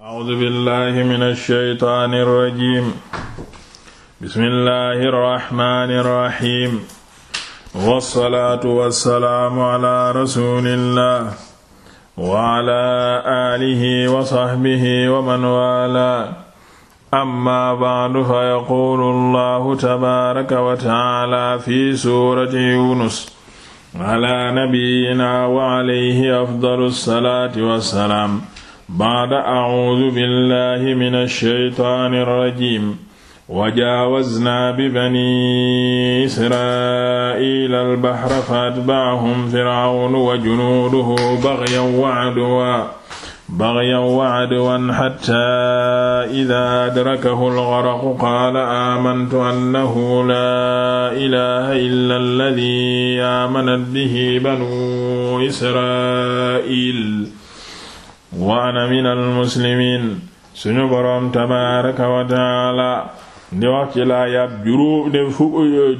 a'uuzu billahi mina shaytaani rajiim bismillahi rahmaani rahiim wassalaatu wassalaamu ala rasuulillah wa ala aalihi wa sahbihi wa man waalaa amma ba'du fa yaquulu allahu tabaaraka wa ta'aala fi suurati yunus ala nabiyyinaa wa alayhi afdalu salaati wassalaam baada acuudu billahi min alsheytaan alrajim wa jaawaznaa bi bani israila albahra fa atbacahum fircawnu wa junuuduhu bagyan wa cadwa bagyan wa cadwan xatta ida adrakahu algaraqu qaala aamantu annahu laa ilaha illa alladi aamanat bihi banu israil wa ana minal muslimiin suñu boroom tabaaraka wa taala di wax ci laa yàb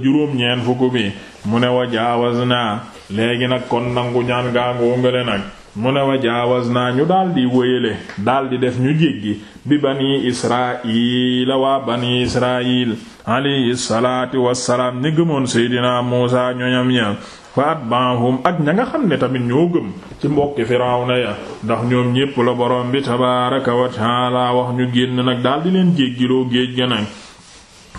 juróom ñeen fukk bi mu ne wa jaawaz naa léegi nag kon nangu ñaan gaangoo ngale nag mu ne wa jaawaz naa ñu daldi wëyale daldi def ñu jéggi bi bani israila waa bani israil alayhi salaati wassalaam ñi gëmoon seydinaa muusa ñoñam ya fa atbaahum ak ña nga xam ne tamit ñoo gëm ci mbokki firawna ya ndax ñoom ñépp la borom bi tabaaraka wa wax ñu génn nag daldi leen jéggiloo géej ga nag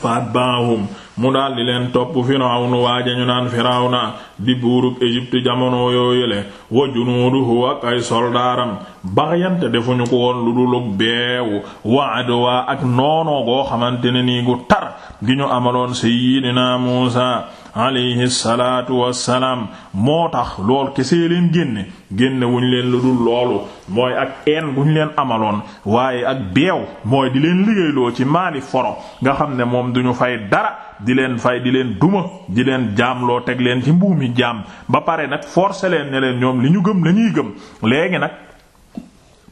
faat baahum mu daal di leen topp firawnu waaja ñu naan firawna di buurub Égypte jamono yooyule wa junuuduhu ak ay soldaaram baxyante defuñu ko woon lu dulug beewu wa adwa ak noonoo goo xamante ne nii gu tar gi ñu amaloon sayyidina Muusa alayhi salaatu wassalaam moo tax lool kesee leen génne génne leen lu dul loolu mooy ak een buñ leen amaloon waaye ak beew mooy di leen liggéeyloo ci maali foro nga xam ne moom duñu fay dara di leen fay di leen duma di leen jaamloo teg leen ci mbuumi jaam ba pare nag forcer leen ne ñoom li ñu gëm lañuy gëm léegi nag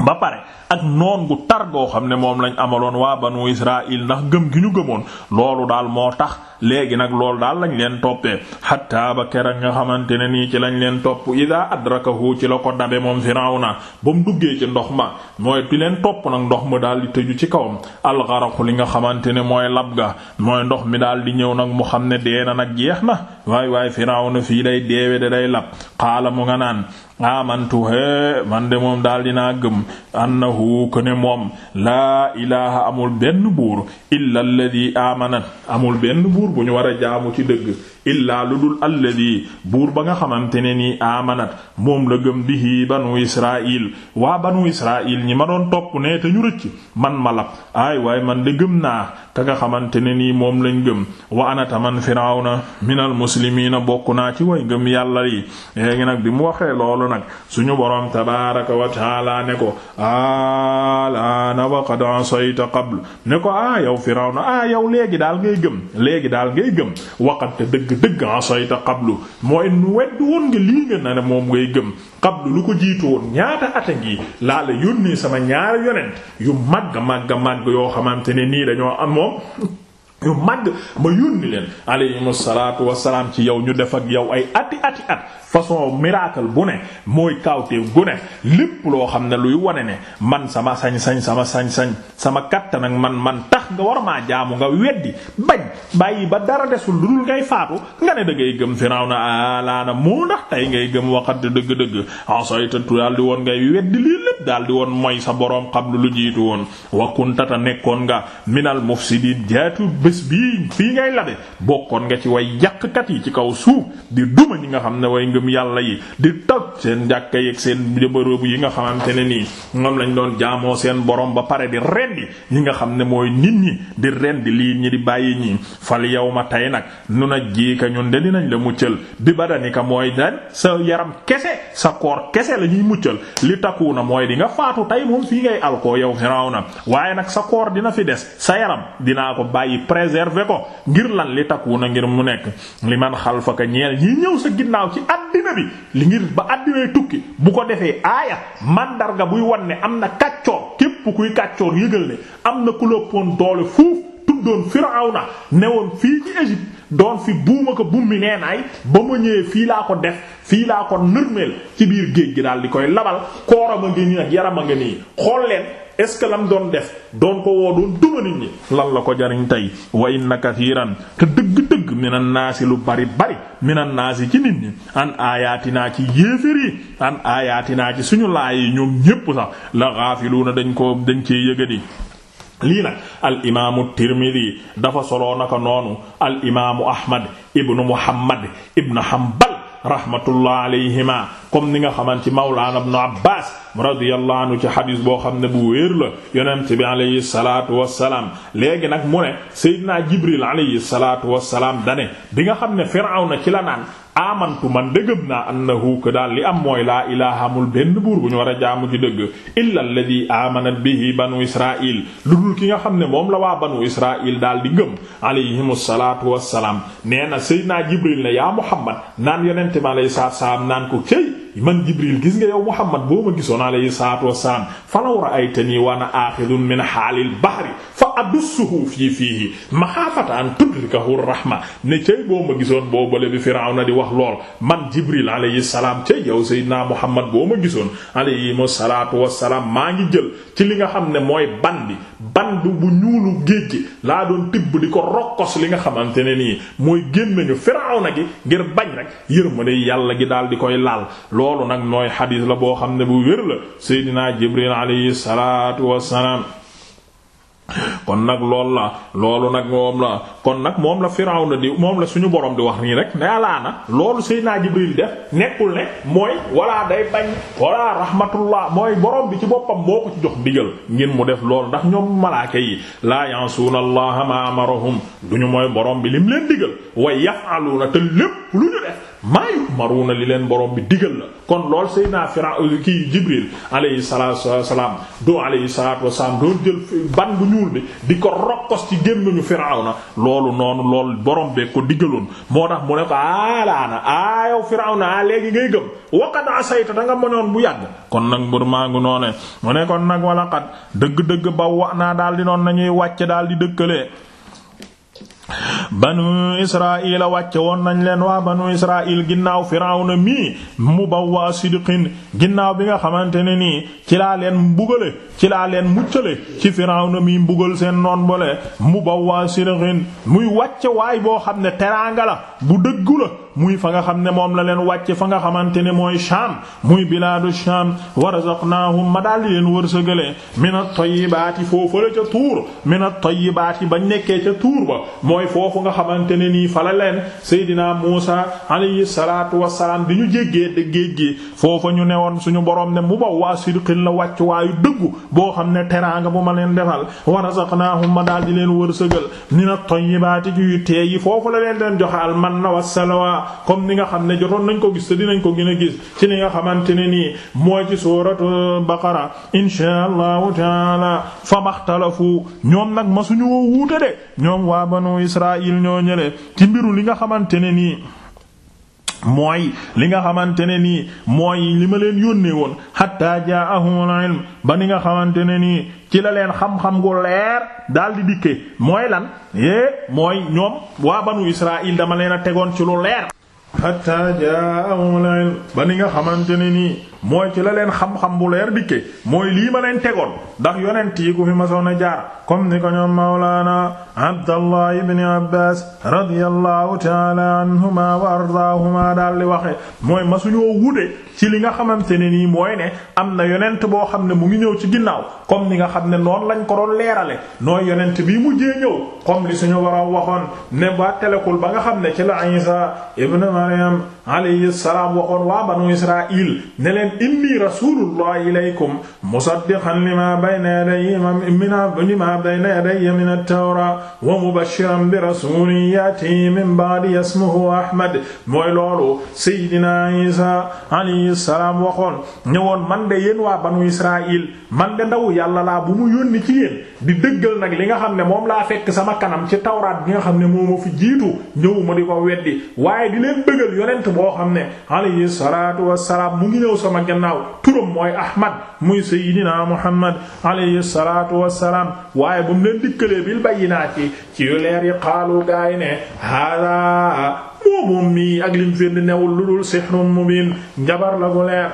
ba pare ak noon gu tar goo xam ne moom lañ amaloon waa banu israil ndax gëm gi ñu gëmoon loolu daal moo tax léegi nag loolu daal lañ leen toppee hatta ba keroog nga xamante ne nii ci lañ leen topp ida adrakahu ci la ko dabee moom firawna ba mu duggee ci ndox ma mooy di leen topp nag ndox ma daal di tëju ci kawam alxaraku li nga xamante ne mooy lab ga mooy ndox mi daal di ñëw nag mu xam ne dee na nag jeex na waaye waay firawna fii day deewe da day lab xaala mu nga naan amantu hee de moom daal dinaa gëm annahu ko ne moom laa ilaha amul benn buur illa alladi amanat amul benn buur bu ñu war a jaamu ci dëgg illaa lu dul alladi buur ba nga xamante ne nii amanat moom la gëm bihi banu israil waa banu israil ñi ma doon topp ne te ñu rëcc man ma lab aay waaye man de gëm naa ka nga xamante ne nii moom lañ gëm wa anata man firawna minal muslimiina bokk naa ci way gëm yàlla yi léegi nag bi mu waxee loolu nag suñu boroom tabaaraka wa taala ne ko alaana wa qad asayta qabl ne ko ah yow firawna ah yow léegi daal ngay gëm léegi daal ngay gëm waqad te dëgg-dëgg asayta qablu mooy mu wedd woon nga lii nga na moom ngay gëm qablu lu ko jiitoon woon ñaata ata ngi laa la yónnee sama ñaari yonent yu màgg màgg màgg yoo xamante ne nii dañoo am moom yu mag ma yónni leen alayhim salaatu wasalaam ci yow ñu def ak yow ay ati ati at façon miracle bu ne mooy kawteew gu ne lépp loo xam ne luy wane ne man sama sañ-sañ sama sañ-sañ sama kattan ak man man tax nga war maa jaamu nga weddi bañ bàyyi ba dara desul lu dul ngay faatu nga ne da ngay gëm na alaana moo ndax tey ngay gëm waxat dëgg-dëgg asaytatu daal di woon ngay weddi lii lépp daal di woon mooy sa boroom xam lu jiitu woon wa kunta ta bés bii fii ngay labe bokkoon nga ci way kat yi ci kaw suuf di duma ñi nga xam ne way ngëm yàlla yi di toj seen jàkka yeeg seen bërëbu yi nga xamante ne nii moom lañ doon jaamoo seen borom ba pare di rendi yi nga xam ne mooy nit ñi di rendi lii ñi di bàyyi ñii fal yow ma tey nag nu na jiika ñun de dinañ la muccal bi badanika mooy dañ sa yaram kese sa koor kese lañuy ñuy muccal li takku na mooy di nga faatu tey moom fii ngay alkoo yow Firawna waaye nag sa koor dina fi des sa yaram dinaa ko bàyyi préserver ko ngir lan li takku na ngir mu nekk li man xalfaka ñeel ñi ñëw sa ginnaaw ci àddina bi li ngir ba àddinay tukki bu ko defee aaya mandarga buy wan ne am na kàccoor képp kuy kàccoor yëgal ne am na ku lëppoon doole fuuf tuddoon Firawna newoon fii ci Égypte doon fi buuma ko bummi nee naay ba ma fii laa ko def fii laa ko nërmeel ci biir géej gi daal di koy labal koorama ngi nii ak yarama ngi nii xool leen est-ce que lam doon def doon ko woo duma nit ñi ko jariñ tey wa inna kathiran te dëgg-dëgg minan naasi lu bari bari minan naasi ci nit an aayaatinaa ci yéefér an aayaatinaa ci suñu laay yi ñépp sax la gaafiluuna dañ ko dañ cee yëgadi lii nag al imaamu dafa soloo noonu al imaamu ahmad ibnu muhammad ibnu hanbal rahmatullah alayhima comme ni nga xaman ci mawlaana ibnu Abbaas radiyallahu anhu ci xadiis boo xam ne bu wéer la yonent bi alayhi salaatu salaam léegi nag mu ne Seydina Jibril alayhi salaatu salaam dane bi nga xam ne Firawna ci la naan amantu man dëgëm naa annahu ko daal li am mooy laa ilaha amul benn buur bu ñu war a jaamu ci dëgg illa alladhi amanat bihi banu israil lu dul ki nga xam ne moom la waa banu israil daal di gëm alayhim salaatu wassalaam nee na Seydina Jibril ne yaa Muhammad naan yonente mi alayhi salaatu wassalaam naan ko cëy man Jibril gis nga yow Muhammad boo ma gisoon alayhi salaatu wassalaam falaw ra'aytanii wa ana aaxidun min haalil bahri fa adussuhu fii fiihi maxaafata an tudrikahu rahma ne cay boo ma gisoon boo bale bi Firawna di wax lool man Jibril alayhi salaam cay yow Seydina Muhammad boo ma gisoon alayhi salaatu salaam maa ngi jël ci li nga xam ne mooy ban bi ban bu ñuulu géej gi laa doon tibb di ko rokkos li nga xamante ne nii mooy génn nañu Firawna gi ngir bañ rek yàlla gi daal di koy laal loolu nag mooy xadiis la boo xam ne bu wér la seydinaa jibril alayhi salaatu wassalaam kon nag lool la loolu nag moom la kon nag moom la Firawna di moom la suñu boroom di wax nii rek ne alaana loolu Seydina Jibril def nekkul ne mooy walla day bañ walla rahmatullah mooy borom bi ci boppam moo ko ci jox ndigal ngir mu def loolu ndax ñoom malaaka yi laa yansuuna allaha ma amarahum duñu mooy borom bi lim leen digal way yaf'aluuna te lépp lu ñu maayu maruuna li leen borom bi digal la kon lool Seydina Fira euh, kii Jibril alayhi salaatu wassalaam doo alayhi salaatu wassalaam doon jël ban bu ñuul bi di ko rokkos ci gémmiñu Firawna loolu noonu loolu borom bee ko digaloon moo tax mu ne ko alaana aa na Firawna léegi ngay gëm waqad asayta da nga mënoon bu yàgg kon nag mbir maa ngi noone mu ne kon nag wala xat dëgg-dëgg ba wa naa daal di noonu nañuy wàcc daal di dëkkalee banu israila wàcce woon nañ leen waa banu israil ginnaaw firawna mii mubawwa sidqin ginnaaw bi nga xamante ne nii ci laa leen mbugale ci laa leen muccale ci firawna mii mbugal seen noon bole mubawwa sidqin muy wàcce waay boo xam ne teraanga la bu dëggu la muy fa nga xam ne moom la leen wàcce fa nga xamante ne mooy Sham muy bilaadu Sham wa razaqnaahum ma daal di leen wërsëgale mina tayyibaati foofu la ca tuur mina tayyibaati bañ nekkee ca tuur ba mooy foofu nga xamante ne nii fa la leen Seydina Muusa alayhi salaatu wassalaam bi ñu jéggee de géej gi foofa ñu newoon suñu borom ne mu ba waa sidqin la wàcc waayu dëggu boo xam ne teraanga bu ma leen defal wa razaqnaahum ma daal di leen wërsëgal mina tayyibaati ci yu teey yi foofu la leen leen joxe al manna wa salwa comme ni nga xam ne jotoon nañ ko gis te dinañ ko gën a gis ci li nga xamante ne nii mooy ci suuratu baqara insha allahu taala fa maxtalafu ñoom nag ma suñu wuute de ñoom waa banu israil ñoo ñële ci mbiru li nga xamante ne nii mooy li nga xamante ne nii mooy li ma leen yónnee woon hatta jaa'ahumul ilm ba ni nga xamante ne nii ci la leen xam-xam gu leer daal di dikke mooy lan é eh, mooy ñoom waa banu Israil dama leen a tegoon ci lu leer xatta jaa'ahumul ilm ba ni nga xamante ne nii mooy ci la leen xam-xam bu leer dikke mooy lii ma leen tegoon ndax yonent yi ku fi masoon a jaar comme ni ko ñoom mawlaana abdallah ibni abbas radiyallahu taala anhuma wa ardaahuma daal di waxe mooy masuñoo wude ci li nga xamante ne nii mooy ne am na yonent boo xam ne mu ngi ñëw ci ginnaaw comme ni nga xam ne noonu lañ ko doon leerale nooy yonent bii mujjee ñëw comme li suñu waroon waxoon ne ba telekul ba nga xam ne ci la isa ibn maryam alayhi salaam leen inni rasulullah ilaykum musaddiqan lima bayna yadayya lima bayna yadayya min at-tawra wa mubashiran bi rasulin yati min ba'di ismuhu ahmad mooy loolu sayyidina isa alayhi salaam waxoon ñëwoon man de yéen waa banu israil man de ndaw yàlla laa bu mu yónni ci yéen di dëggal nag li nga xam ne moom laa fekk sama kanam ci tawraat bi nga xam ne moo ma fi jiitu ñëw ma di ko weddi waaye di leen bëggal yonent boo xam ne alayhi wassalaam mu ngi ñëw sama sama gannaaw turam mooy Ahmad muy Seydina Muhammad alayhi salaatu wassalaam waaye bu mu leen dikkalee bil bayyinaati ci yu leer yi xaalu gaay ne hada moom mi ak lim firndi newul lu dul sihrun mubiin njabar la gu leer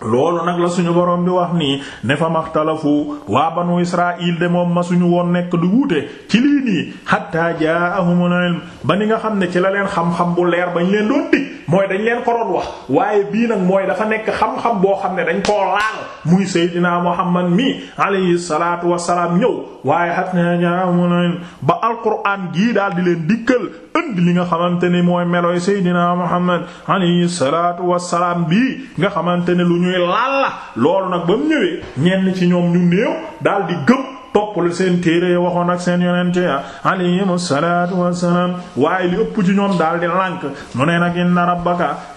loolu nag la suñu bi wax nii ne fa maxtalafu banu israil de moom ma suñu woon nekk du ci lii nii hatta jaa'ahumul ilm ba nga xam ne ci la leen xam-xam bu leer bañ leen doon dig mooy dañ leen ko doon wax waaye bii nag mooy dafa nekk xam-xam boo xam ne dañ koo laal muy Seydina Muhammad mi alayhi salaatu wassalaam ñëw waaye xat na ñaamunañ ba alquran gii daal di leen dikkal ënd li nga xamante ni mooy melooy Seydina Muhammad alayhi salaatu wassalaam bii nga xamante ne lu ñuy laal la loolu nag ba mu ñëwee ñenn ci ñoom ñu néew daal di topp toppul seen téere waxoon ak seen yonente ya alayhimu salaatu wassalaam waaye li ëpp ci ñoom daal di lànk mu ne nag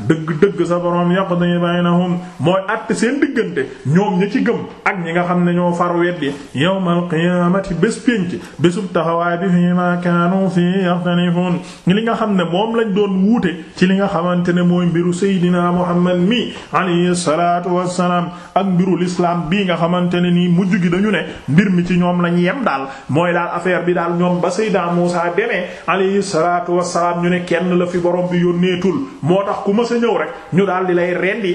dëgg-dëgg sa borom yaqdi baynahum mooy àtte seen diggante ñoom ñi ci gëm ak ñi nga xam ne ñoo far weddi yawmal qiyaamati bés pénc bésub taxawaay bi fii li nga xam ne moom lañ doon wuute ci li nga xamante ne mooy mbiru Seydina Muhammad mi alayhi salaatu wassalaam ak mbiru l'islam bii nga xamante ne nii mujj gi dañu ne mbir mi ci ñoom nañ yem daal ñoom ba la fi borom bi yónneetul moo tax ku mësa ñëw rek ñu daal di lay rendi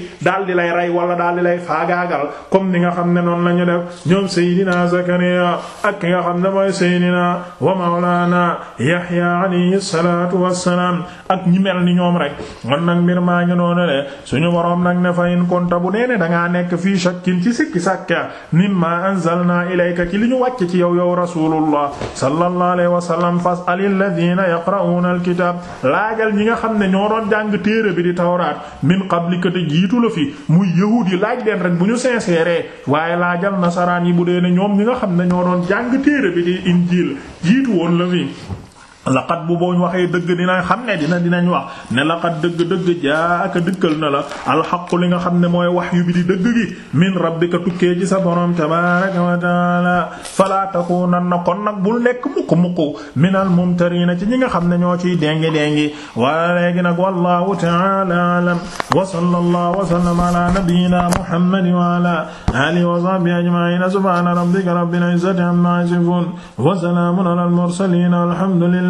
di lay rey wala daal di lay faagaagal comme ni nga la ñu def ñoom Seydina Zakariya ak ki nga xam ne mooy Seydina wa Mawlaana Yahya alayhi salaatu wassalaam ak ñi mel ni ñoom rek man nag mbir maa ngi noonu le suñu borom nag ne fayin konta bu nee dangaa nekk fii shakkin ci sikki sàkka mimma anzalna ilayka ci li ñu wàcc ci yow yow rasulullah sallallahu alayhi wa sallam fas alil ladina yaqra'una alkitab laajal ñi nga xam ne ñoo doon jàng téere bi di tawraat min qablika te jiitu la fi muy yahuud yi laaj leen rek bu ñu sincère waaye laajal nasaraan yi bu dee ne ñoom ñi nga xam ne ñoo doon jàng téere bi di injil jiitu woon la fi laqad bu booñ waxee dëgg dina xam ne dina dinañ wax ne laqad dëgg dëgg jaa aka dëkkal na la alxaqu li nga xam ne mooy waxyu bi di dëgg gi min rabbika tukkee ci sa borom tabaraka wa taala falaa takunan na kon nag bul nekk mukk mukk minal mumtarina ci ñi nga xam ne ñoo ciy déngi déngi wala léegi nag wallahu taala alam wa sallallahu wa sallama ala nabiyyina muhammadin wa ala alihi wa sahbihi ajma'in subhana rabbika rabbil izzati amma yasifun wa salamun ala al mursalin alhamdulillah